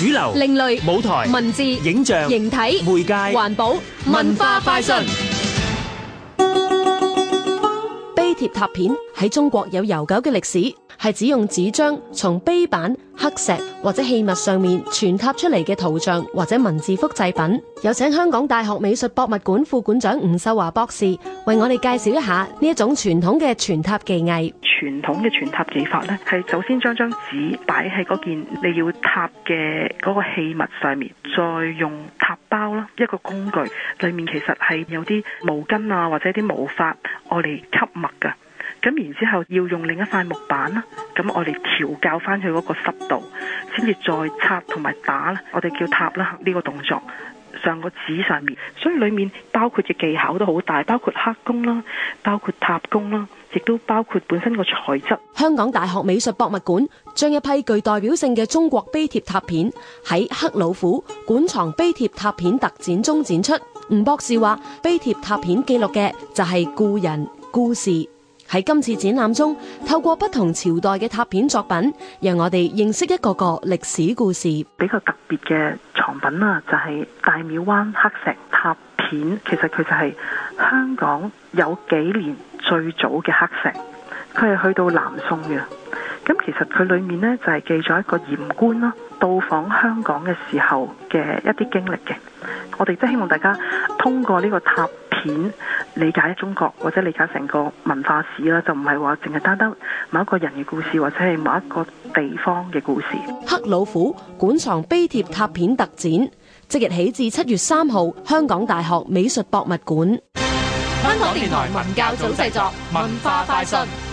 主流、另類舞台、文字、影像、形體、媒介、環保、文化快訊。碑帖拓片喺中國有悠久嘅歷史，係指用紙張從碑板、黑石或者器物上面傳拓出嚟嘅圖像或者文字複製品。有請香港大學美術博物館副館長吳秀華博士為我哋介紹一下呢一種傳統嘅傳拓技藝。傳統嘅全塔技法呢，係首先將張紙擺喺嗰件你要塔嘅嗰個器物上面，再用塔包啦，一個工具，裡面其實係有啲毛巾啊或者啲毛髮，我嚟吸墨噶。咁然之後要用另一塊木板啦，咁我嚟調校返佢嗰個濕度，先至再擦同埋打，我哋叫塔啦呢個動作。上個紙上面，所以裏面包括嘅技巧都好大，包括刻工啦，包括拓工啦，亦都包括本身個材質。香港大學美術博物館將一批具代表性嘅中國碑帖拓片喺《黑老虎》館藏碑帖拓片特展中展出。吳博士話：碑帖拓片記錄嘅就係故人故事。喺今次展覽中，透過不同朝代嘅拓片作品，讓我哋認識一個個歷史故事。比較特別嘅藏品啊，就係大廟灣刻石拓片，其實佢就係香港有紀年最早嘅刻石，佢係去到南宋嘅。咁其實佢裏面呢，就係記咗一個鹽官啦，到訪香港嘅時候嘅一啲經歷嘅。我哋真希望大家通過呢個拓片。理解中國或者理解成個文化史啦，就唔係話淨係單單某一個人嘅故事或者係某一個地方嘅故事。黑老虎館藏碑帖拓片特展，即日起至七月三號，香港大學美術博物館。香港電台文教組製作文化快訊。